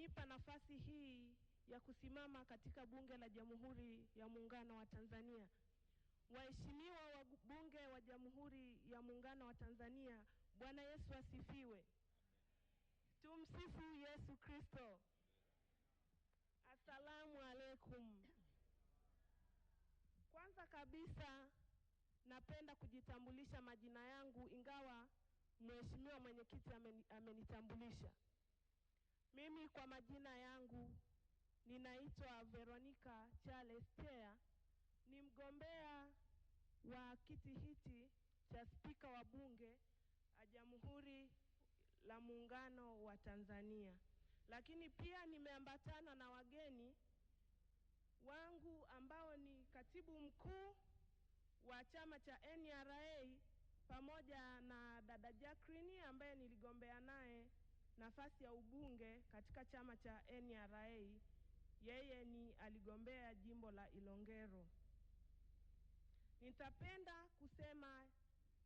kunipa nafasi hii ya kusimama katika Bunge la Jamhuri ya Muungano wa Tanzania. Waheshimiwa wabunge wa Jamhuri ya Muungano wa Tanzania, Bwana Yesu asifiwe. Tumsifu Yesu Kristo. Asalamu alaykum. Kwanza kabisa napenda kujitambulisha majina yangu, ingawa mheshimiwa mwenyekiti amenitambulisha kwa majina yangu ninaitwa Veronica Charles Tea, ni mgombea wa kiti hiki cha spika wa bunge la Jamhuri la Muungano wa Tanzania, lakini pia nimeambatana na wageni wangu ambao ni katibu mkuu wa chama cha NRA pamoja na dada Jacqueline ambaye niligombea naye nafasi ya ubunge katika chama cha NRA. Yeye ni aligombea jimbo la Ilongero. Nitapenda kusema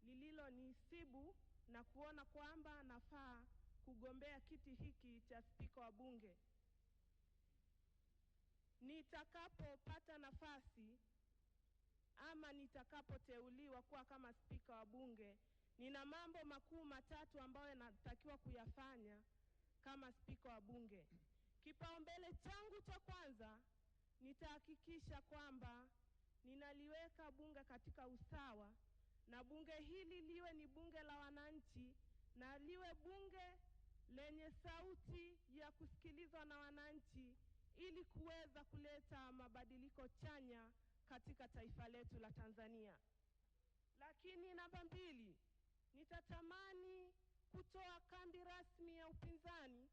lililonisibu na kuona kwamba nafaa kugombea kiti hiki cha spika wa bunge. Nitakapopata nafasi ama nitakapoteuliwa kuwa kama spika wa bunge Nina mambo makuu matatu ambayo yanatakiwa kuyafanya kama spika wa Bunge. Kipaumbele changu cha kwanza, nitahakikisha kwamba ninaliweka bunge katika usawa na bunge hili liwe ni bunge la wananchi na liwe bunge lenye sauti ya kusikilizwa na wananchi ili kuweza kuleta mabadiliko chanya katika taifa letu la Tanzania. Lakini namba mbili, nitatamani kutoa kambi rasmi ya upinzani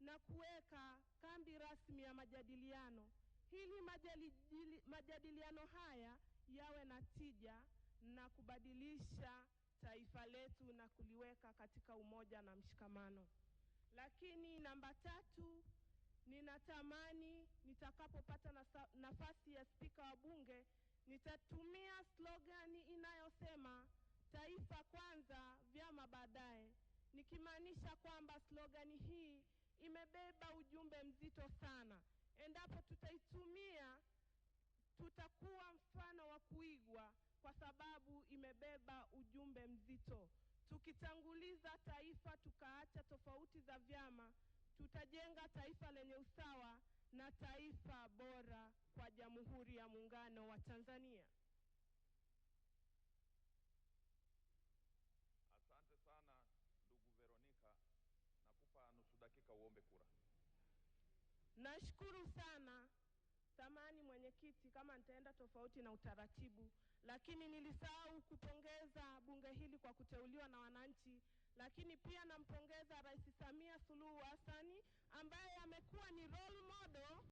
na kuweka kambi rasmi ya majadiliano ili majadili, majadiliano haya yawe na tija na kubadilisha taifa letu na kuliweka katika umoja na mshikamano. Lakini namba tatu, ninatamani nitakapopata nafasi ya spika wa bunge nitatumia slogani inayosema taifa kwanza, vyama baadaye, nikimaanisha kwamba slogani hii imebeba ujumbe mzito sana. Endapo tutaitumia, tutakuwa mfano wa kuigwa, kwa sababu imebeba ujumbe mzito. Tukitanguliza taifa, tukaacha tofauti za vyama, tutajenga taifa lenye usawa na taifa bora kwa Jamhuri ya Muungano wa Tanzania. kura. Nashukuru sana samani mwenyekiti, kama nitaenda tofauti na utaratibu, lakini nilisahau kupongeza bunge hili kwa kuteuliwa na wananchi, lakini pia nampongeza Rais Samia Suluhu Hassan ambaye amekuwa ni role model